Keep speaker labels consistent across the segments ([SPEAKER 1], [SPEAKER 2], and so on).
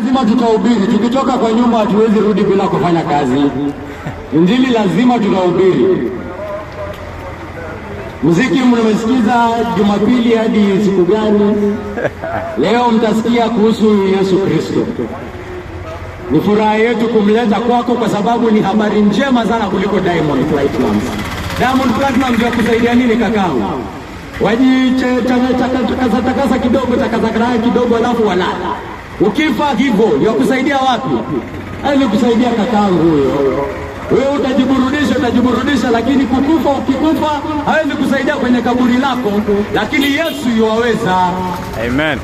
[SPEAKER 1] Lazima tukahubiri. Tukitoka kwa nyumba hatuwezi rudi bila kufanya kazi. Injili lazima tukahubiri. Muziki mnamesikiza Jumapili hadi siku gani? Leo mtasikia kuhusu Yesu Kristo. Ni furaha yetu kumleta kwako kwa sababu ni habari njema sana kuliko Diamond Platnumz. Diamond Platnumz ya kusaidia nini kakao? Wajitakasa takasa kidogo, takasa kidogo, alafu walala Ukifa hivyo yakusaidia wapi? kusaidia kakangu huyo. Wewe utajiburudisha, utajiburudisha, lakini kukufa, ukikufa hawezi kusaidia kwenye kaburi lako, lakini Yesu yuwaweza. Amen.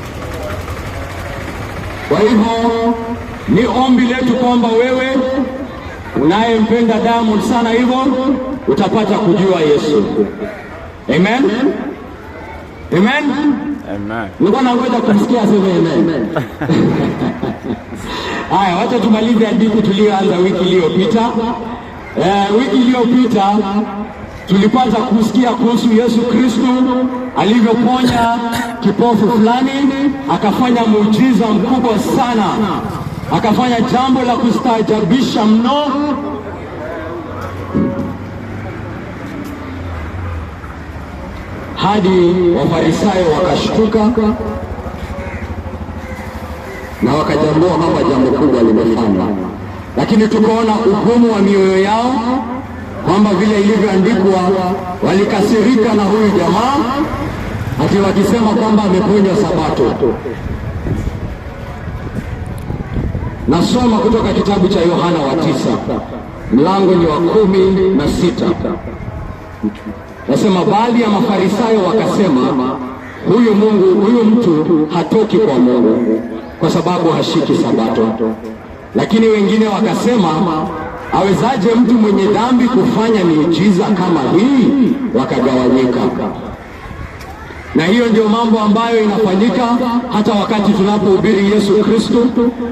[SPEAKER 1] Kwa hivyo ni ombi letu kwamba wewe unayempenda damu sana hivyo utapata kujua Yesu. Amen. Amen. Amen. Nilikuwa nangoja kumsikia aseme amen. Haya, wacha tumalize hadithi tuliyoanza wiki iliyopita. Eh, wiki iliyopita tulipata kusikia kuhusu Yesu Kristo alivyoponya kipofu fulani, akafanya muujiza mkubwa sana, akafanya jambo la kustaajabisha mno hadi Wafarisayo wakashtuka na wakajambua kwamba jambo kubwa limefanywa, lakini tukaona ugumu wa mioyo yao kwamba vile ilivyoandikwa, walikasirika na huyu jamaa ati wakisema kwamba ameponya Sabato. Nasoma kutoka kitabu cha Yohana wa tisa mlango ni wa kumi na sita. Nasema baadhi ya Mafarisayo wakasema, huyu Mungu huyu mtu hatoki kwa Mungu kwa sababu hashiki Sabato. Lakini wengine wakasema, awezaje mtu mwenye dhambi kufanya miujiza kama hii? Wakagawanyika na hiyo ndio mambo ambayo inafanyika hata wakati tunapohubiri Yesu Kristo.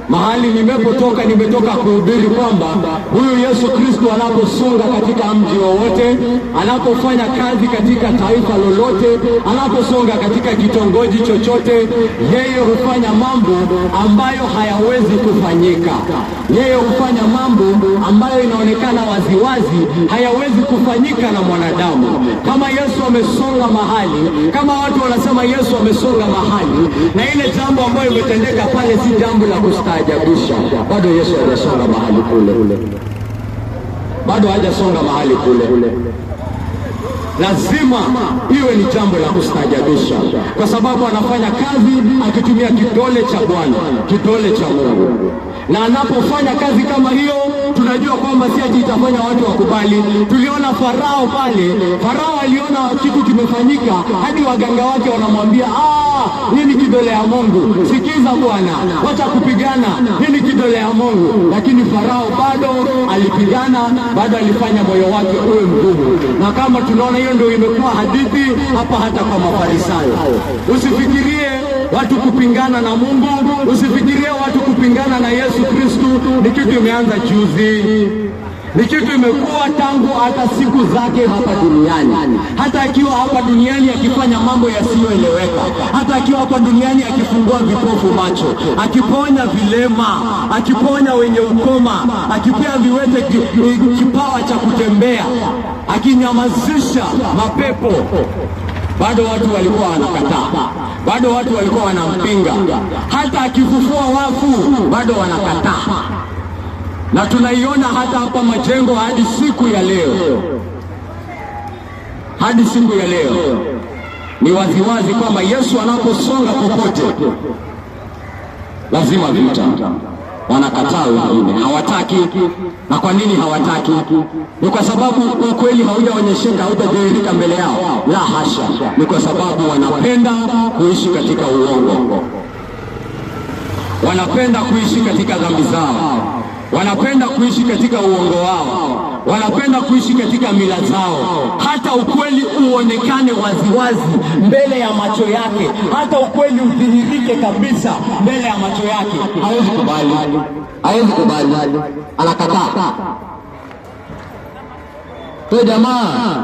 [SPEAKER 1] Mahali nimepotoka, nimetoka kuhubiri kwamba huyu Yesu Kristo anaposonga katika mji wowote, anapofanya kazi katika taifa lolote, anaposonga katika kitongoji chochote, yeye hufanya mambo ambayo hayawezi kufanyika. Yeye hufanya mambo ambayo inaonekana waziwazi hayawezi kufanyika na mwanadamu. Kama Yesu amesonga mahali, kama watu wanasema Yesu amesonga mahali, na ile jambo ambayo imetendeka pale si jambo la kustaajabisha. Bado Yesu hajasonga mahali kule, bado hajasonga mahali kule lazima iwe ni jambo la kustajabisha, kwa sababu anafanya kazi akitumia kidole cha Bwana, kidole cha Mungu. Na anapofanya kazi kama hiyo, tunajua kwamba si ati itafanya watu wakubali. Tuliona Farao pale, Farao aliona kitu kimefanyika, hadi waganga wake wanamwambia ah, hii ni kidole ya Mungu, sikiza bwana, wacha kupigana, hii ni kidole ya Mungu. Lakini Farao bado alipigana, bado alifanya moyo wake uwe mgumu, na kama tunaona hiyo hiyo ndio imekuwa hadithi hapa, hata kwa Mafarisayo. Usifikirie watu kupingana na Mungu, usifikirie watu kupingana na Yesu Kristu ni kitu imeanza juzi ni kitu imekuwa tangu hata siku zake hapa duniani. Hata akiwa hapa duniani akifanya mambo yasiyoeleweka, hata akiwa hapa duniani akifungua vipofu macho, akiponya vilema, akiponya wenye ukoma, akipea viwete kipawa cha kutembea, akinyamazisha mapepo, bado watu walikuwa wanakataa, bado watu walikuwa wanampinga. Hata akifufua wafu, bado wanakataa na tunaiona hata hapa Majengo hadi siku ya leo, hadi siku ya leo ni waziwazi kwamba Yesu anaposonga popote lazima vita. Wanakataa wengine, hawataki. Na kwa nini hawataki? Ni kwa sababu ukweli haujaonyesheka, haujadhihirika mbele yao? La hasha, ni kwa sababu wanapenda kuishi katika uongo, wanapenda kuishi katika dhambi zao wanapenda kuishi katika uongo wao, wanapenda kuishi katika mila zao, hata ukweli uonekane waziwazi mbele ya macho yake, hata ukweli udhihirike kabisa mbele ya macho yake, hawezi kubali, hawezi kubali, anakataa. We jamaa,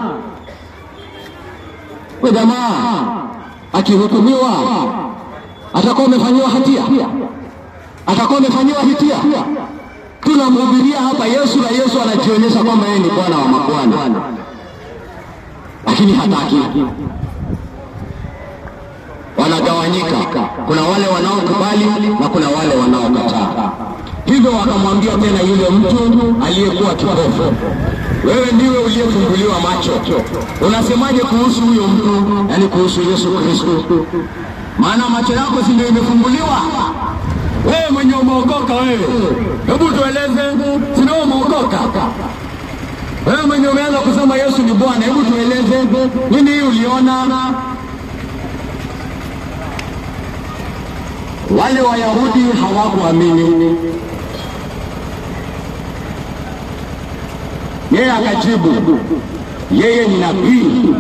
[SPEAKER 1] we jamaa, akihukumiwa atakuwa amefanyiwa hatia, atakuwa amefanyiwa hitia tunamhubiria hapa Yesu na Yesu anajionyesha kwamba yeye ni Bwana wa makwana lakini hataki. Wanagawanyika, kuna wale wanaokubali na kuna wale wanaokataa. Hivyo wakamwambia tena yule mtu aliyekuwa kipofu, wewe ndiwe uliyefumbuliwa macho, unasemaje kuhusu huyo mtu, yaani kuhusu Yesu Kristo? Maana macho yako si ndio wenye umeokoka wewe, hebu tueleze sinao umeokoka wewe mwenye umeanza kusema Yesu ni Bwana, hebu tueleze nini hii uliona? Wale Wayahudi hawakuamini. Yeye akajibu, yeye ni nabii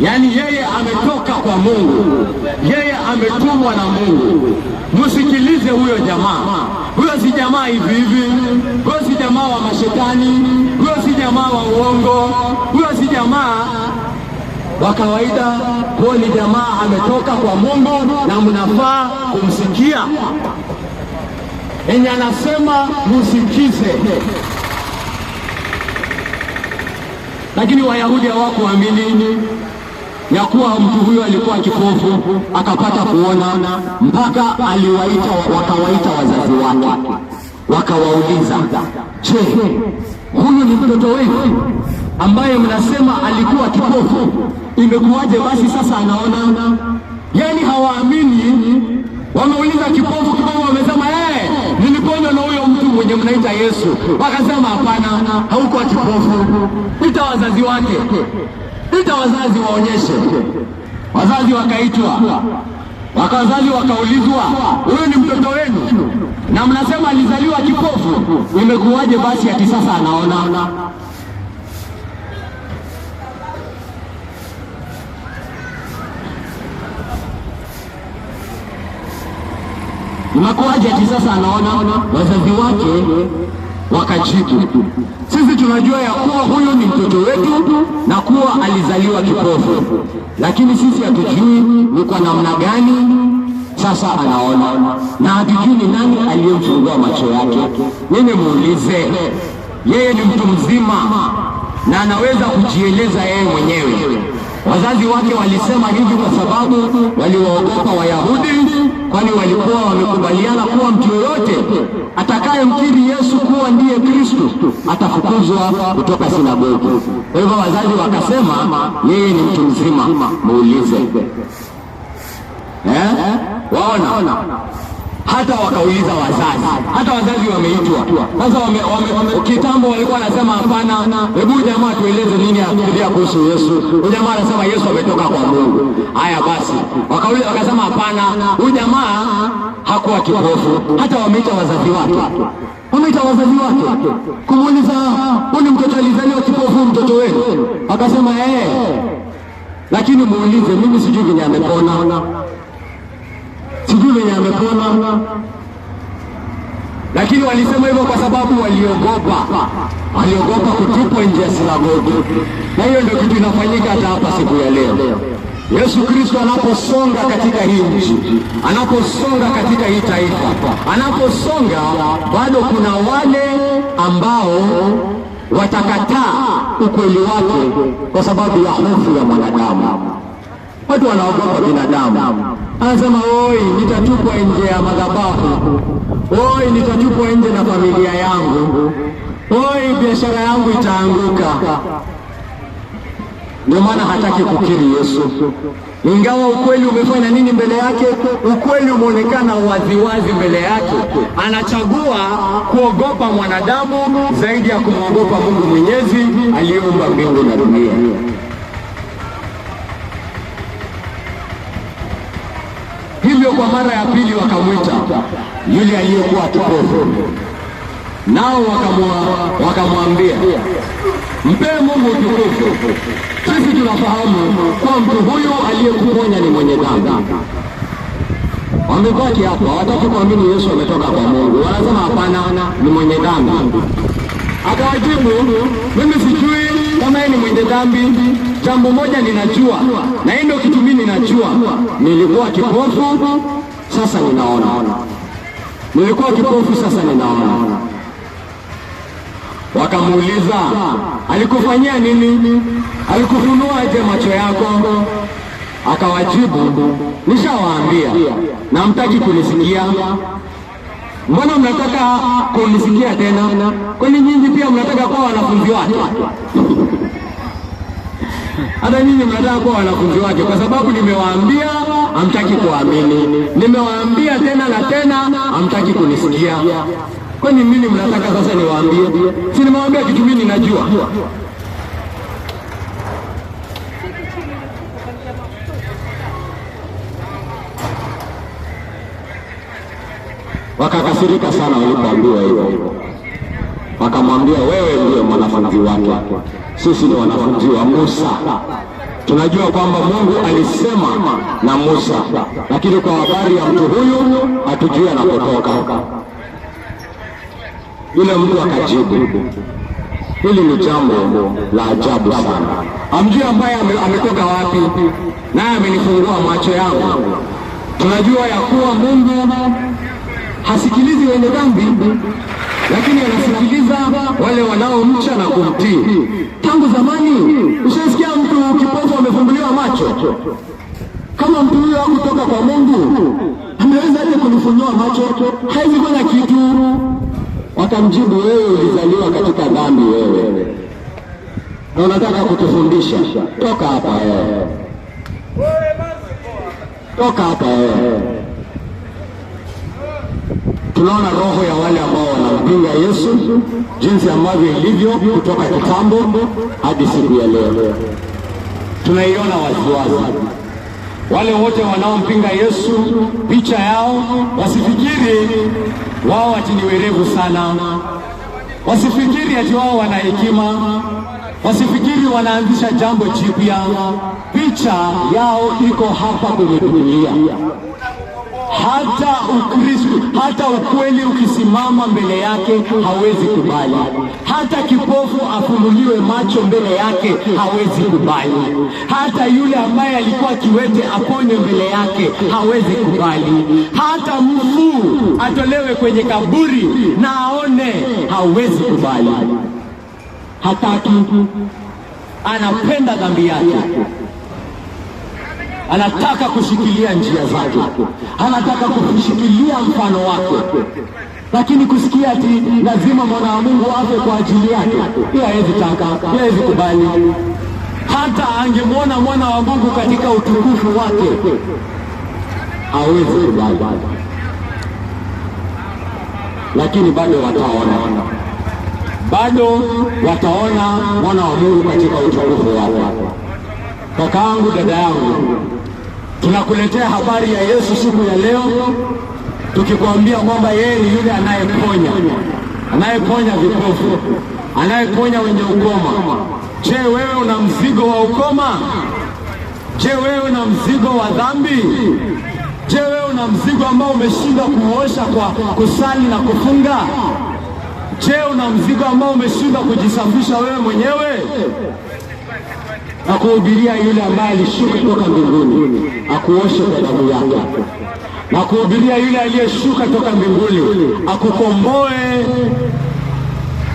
[SPEAKER 1] Yaani yeye ametoka kwa Mungu, yeye ametumwa na Mungu. Msikilize huyo jamaa. Huyo si jamaa hivi hivi, huyo si jamaa wa mashetani, huyo si jamaa wa uongo, huyo si jamaa wa kawaida. Huyo ni jamaa ametoka kwa Mungu na mnafaa kumsikia enye anasema musikize. Lakini Wayahudi hawakuamini ya kuwa mtu huyo alikuwa kipofu akapata kuona, mpaka aliwaita wakawaita wazazi wake wakawauliza, je, huyu ni mtoto wenu ambaye mnasema alikuwa kipofu? Imekuwaje basi sasa anaona? Yani hawaamini, wameuliza kipofu, kipofu wamesema hey, eh, niliponywa na huyo mtu mwenye mnaita Yesu. Wakasema hapana, haukuwa kipofu, ita wazazi wake pita wazazi waonyeshe, wazazi wakaitwa, wakazali wakaulizwa, huyu ni mtoto wenu na mnasema alizaliwa kipofu, imekuwaje basi ati sasa anaona? Imekuwaje ati sasa anaona? Wazazi wake Wakajibu, sisi tunajua ya kuwa huyu ni mtoto wetu na kuwa alizaliwa kipofu, lakini sisi hatujui ni kwa namna gani sasa anaona, na hatujui ni nani aliyemfungua macho yake. Nini muulize? Yeye ni mtu mzima na anaweza kujieleza yeye mwenyewe. Wazazi wake walisema hivi kwa sababu waliwaogopa Wayahudi kwani walikuwa wamekubaliana kuwa mtu yoyote atakayemkiri Yesu kuwa ndiye Kristo atafukuzwa kutoka sinagogi. Kwa hivyo wazazi wakasema, yeye ni mtu mzima, muulize. Eh, waona hata wakauliza wazazi, hata wazazi wameitwa. Sasa wame, wame, wame, kitambo walikuwa wanasema hapana, hebu jamaa tueleze nini anafikiria kuhusu Yesu. Jamaa anasema Yesu ametoka kwa Mungu. Haya basi, wakauliza wakasema hapana, huyu jamaa hakuwa kipofu. Hata wameita wazazi wake wameita wazazi wake kumuuliza, huyu mtoto alizaliwa kipofu, mtoto wenu? Akasema eh, lakini muulize, mimi sijui venye amepona sijui venye amepona, lakini walisema hivyo kwa sababu waliogopa, waliogopa kutupwa nje ya sinagogi, na hiyo ndio kitu inafanyika hata hapa siku ya leo. Yesu Kristo anaposonga katika hii nchi, anaposonga katika hii taifa, anaposonga bado kuna wale ambao watakataa ukweli wake kwa sababu ya hofu ya mwanadamu. Watu wanaogopa binadamu anasema oi, nitatupwa nje ya madhabahu. Oi, nitatupwa nje na familia yangu. Oi, biashara yangu itaanguka. Ndio maana hataki kukiri Yesu, ingawa ukweli umefanya nini mbele yake? Ukweli umeonekana waziwazi mbele yake. Anachagua kuogopa mwanadamu zaidi ya kumwogopa Mungu Mwenyezi aliyeumba mbingu na dunia. mara ya pili wakamwita yule aliyekuwa kipofu, nao wakamwambia mpee Mungu utukufu. Sisi tunafahamu kuwa mtu huyu aliyekuponya ni mwenye dhambi. Wamebaki hapa, wataki kuamini Yesu ametoka kwa Mungu, wanasema hapana, ni mwenye dhambi. Akawajibu, mimi sijui kama yeye ni mwenye dhambi Jambo moja ninajua, na hii ndio kitu mimi ninajua. Nilikuwa kipofu, sasa ninaona. Nilikuwa kipofu, sasa ninaona. Wakamuuliza, alikufanyia nini? Alikufunua aje macho yako? Akawajibu, nishawaambia, na mtaki kunisikia. Mbona mnataka kunisikia tena? Kwani nyinyi pia mnataka kuwa wanafunzi wake? Hata nyinyi mnataka kuwa wanafunzi wake, kwa sababu nimewaambia hamtaki kuamini, nimewaambia tena na tena hamtaki kunisikia. Kwani nini mnataka sasa niwaambie? Si nimewaambia kitu mimi ninajua. Wakakasirika sana walipoambiwa hivyo, wakamwambia wewe ndiye mwanafunzi wake sisi ni wanafunzi wa Musa. Tunajua kwamba Mungu alisema na Musa, lakini kwa habari ya mtu huyu hatujui anapotoka. Yule mtu akajibu, hili ni jambo la ajabu sana. Amjui ambaye ametoka wapi, naye amenifungua macho yangu. Tunajua ya kuwa Mungu hasikilizi wenye dhambi lakini anasikiliza wale wanaomcha na kumtii. Tangu zamani ushasikia mtu kipofu amefunguliwa macho? Kama mtu huyo hakutoka kwa Mungu, ameweza aje kunifunua macho? Hawezi kufanya kitu. Wakamjibu, wewe ulizaliwa katika dhambi, wewe na unataka kutufundisha? Toka hapa wewe, toka hapa wewe tunaona roho ya wale ambao wanampinga Yesu jinsi ambavyo ilivyo kutoka kitambo hadi siku ya leo. Tunaiona wasiwasi wale wote wanaompinga Yesu, picha yao, wasifikiri wao ati ni werevu sana, wasifikiri ati wao wana hekima, wasifikiri wanaanzisha jambo jipya. Picha yao iko hapa kwenye Biblia hata Ukristo, hata ukweli ukisimama mbele yake hawezi kubali. Hata kipofu afumuliwe macho mbele yake hawezi kubali. Hata yule ambaye alikuwa kiwete aponywe mbele yake hawezi kubali. Hata mfu atolewe kwenye kaburi na aone hawezi kubali. Hataki, anapenda dhambi yake anataka kushikilia njia zake, anataka kushikilia mfano wake, lakini kusikia ati lazima mwana wa Mungu afe kwa ajili yake, hiyo hawezi taka, hawezi kubali. Hata angemwona mwana wa Mungu katika utukufu wake, hawezi kubali, lakini bado wataona, bado wataona mwana wa Mungu katika utukufu wake. yangu dada yangu Tunakuletea habari ya Yesu siku ya leo tukikwambia kwamba yeye ni yule anayeponya, anayeponya vipofu, anayeponya wenye ukoma. Je, wewe una mzigo wa ukoma? Je, wewe una mzigo wa dhambi? Je, wewe una mzigo ambao umeshindwa kuosha kwa kusali na kufunga? Je, una mzigo ambao umeshindwa kujisafisha wewe mwenyewe? Nakuhubiria yule ambaye alishuka toka mbinguni akuoshe kwa damu yake. Nakuhubiria yule aliyeshuka toka mbinguni akukomboe,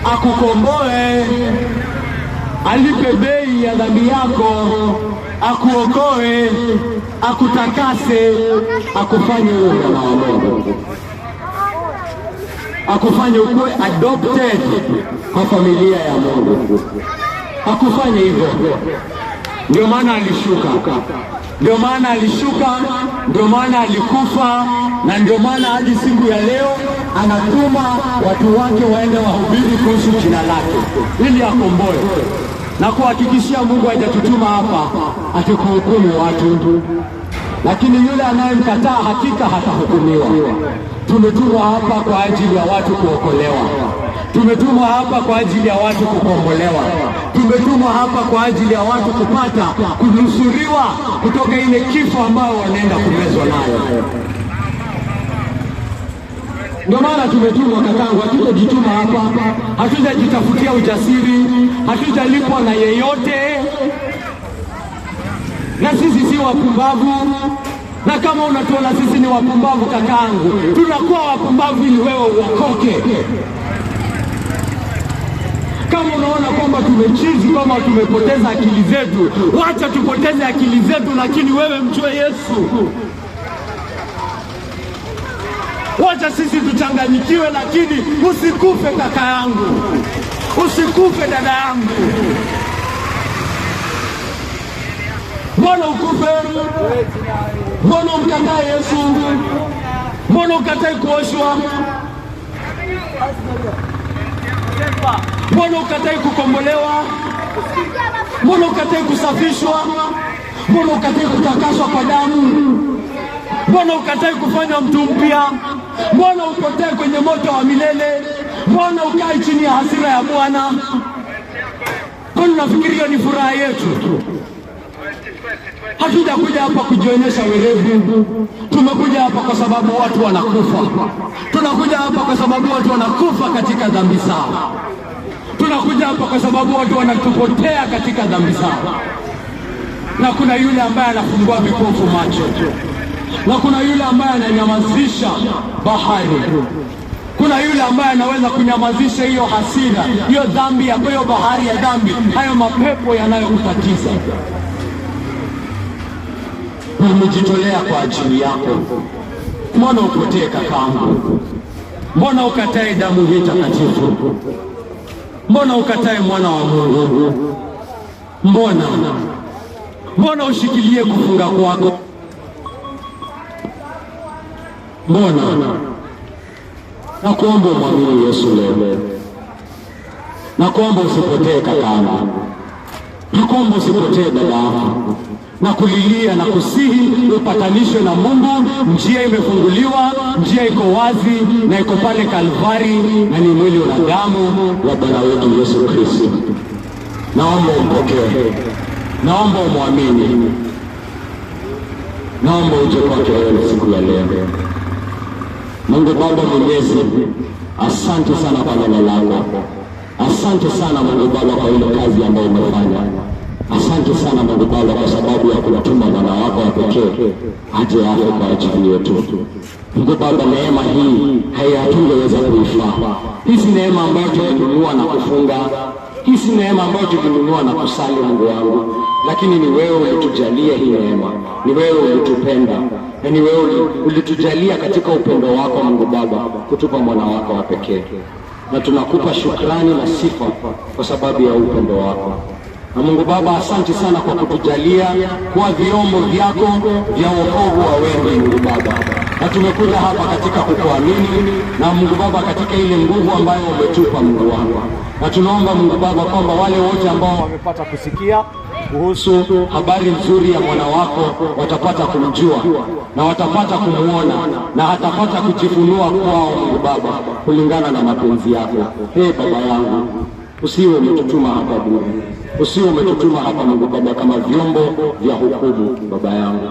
[SPEAKER 1] akukomboe, alipe bei ya dhambi yako, akuokoe, akutakase, akufanye uwe mwana wa Mungu, akufanye ukuwe adopted kwa familia ya Mungu. akufanye hivyo ndio maana alishuka, ndio maana alishuka, ndio maana alikufa, na ndio maana hadi siku ya leo anatuma watu wake waende wahubiri kuhusu jina lake ili akomboe na kuhakikishia Mungu hajatutuma hapa atikuhukumu watu, lakini yule anayemkataa hakika hatahukumiwa. Tumetumwa hapa kwa ajili ya watu kuokolewa, tumetumwa hapa kwa ajili ya watu kukombolewa tumetumwa hapa kwa ajili ya watu kupata kunusuriwa kutoka ile kifo ambayo wanaenda kumezwa nayo. Ndio maana tumetumwa kakangu, hatujajituma hapa, hatujajitafutia ujasiri, hatujalipwa na yeyote, na sisi si wapumbavu. Na kama unatuona sisi ni wapumbavu, kakangu, tunakuwa wapumbavu ili wewe uokoke. Kama unaona kwamba tumechizi, kama tumepoteza akili zetu, wacha tupoteze akili zetu, lakini wewe mjue Yesu. Wacha sisi tuchanganyikiwe, lakini usikufe kaka yangu, usikufe dada yangu. Mbona ukufe? Mbona umkatae Yesu? Mbona ukatae kuoshwa? Mbona ukatai kukombolewa? Mbona ukatai kusafishwa? Mbona ukatai kutakaswa kwa damu? Mbona ukatai kufanya mtu mpya? Mbona upotee kwenye moto wa milele? Mbona ukae chini ya hasira ya Bwana? Kwani unafikiria ni furaha yetu? Hatujakuja hapa kujionyesha werevu, tumekuja hapa kwa sababu watu wanakufa. Tunakuja hapa kwa sababu watu wanakufa katika dhambi zao. Tunakuja hapa kwa sababu watu wanatupotea katika dhambi zao, na kuna yule ambaye anafungua vipofu macho, na kuna yule ambaye ananyamazisha bahari kuna yule ambaye anaweza kunyamazisha hiyo hasira, hiyo dhambi, hiyo bahari ya dhambi, hayo mapepo yanayokutatiza. nimejitolea kwa ajili yako, mbona upotee kakaangu? Mbona ukatae damu hii takatifu? Mbona ukatae mwana wa Mungu? Mbona mbona ushikilie kufunga kwako? Mbona nakuomba mwamini Yesu leo, nakuomba usipotee kakaangu, nakuomba usipotee dadaangu. na kulilia na kusihi upatanishwe na Mungu. Njia imefunguliwa, njia iko wazi na iko pale Kalvari, na ni mwili una damu wa Bwana wetu Yesu Kristo. Naomba umpokee, naomba umwamini, naomba uje kwake wewe siku ya leo. Mungu Baba Mwenyezi, asante sana kwa neno lako, asante sana Mungu Baba kwa ile kazi ambayo umefanya Asante sana Mungu Baba kwa sababu ya kumtuma mwana wako wa pekee aje afe kwa ajili yetu. Mungu Baba, neema hii hayatungeweza kuifaa. Hizi neema ambayo tulinunua na kufunga, hizi neema ambayo tulinunua na kusali, Mungu wangu, lakini ni wewe ulitujalia hii neema, ni wewe ulitupenda na ni wewe ulitujalia katika upendo wako Mungu Baba kutupa mwana wako wa pekee, na tunakupa shukrani na sifa kwa sababu ya upendo wako. Na Mungu Baba, asante sana kwa kutujalia kuwa vyombo vyako vya wokovu wa wengi, Mungu Baba, na tumekuja hapa katika kukuamini na Mungu Baba, katika ile nguvu ambayo umetupa Mungu wangu, na tunaomba Mungu Baba kwamba wale wote ambao wamepata kusikia kuhusu habari nzuri ya mwana wako watapata kumjua na watapata kumwona na hatapata kujifunua kwao Mungu Baba, kulingana na mapenzi yako. Ee hey, Baba yangu Usiwe umetutuma hapa bure, usiwe umetutuma hapa Mungu Baba kama vyombo vya hukumu. Baba yangu,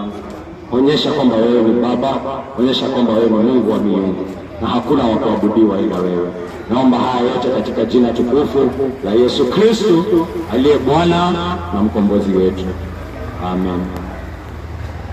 [SPEAKER 1] onyesha kwamba wewe ni Baba, onyesha kwamba wewe ni Mungu wa miungu na hakuna wa kuabudiwa ila wewe. Naomba haya yote katika jina tukufu la Yesu Kristo aliye Bwana na mkombozi wetu, amen.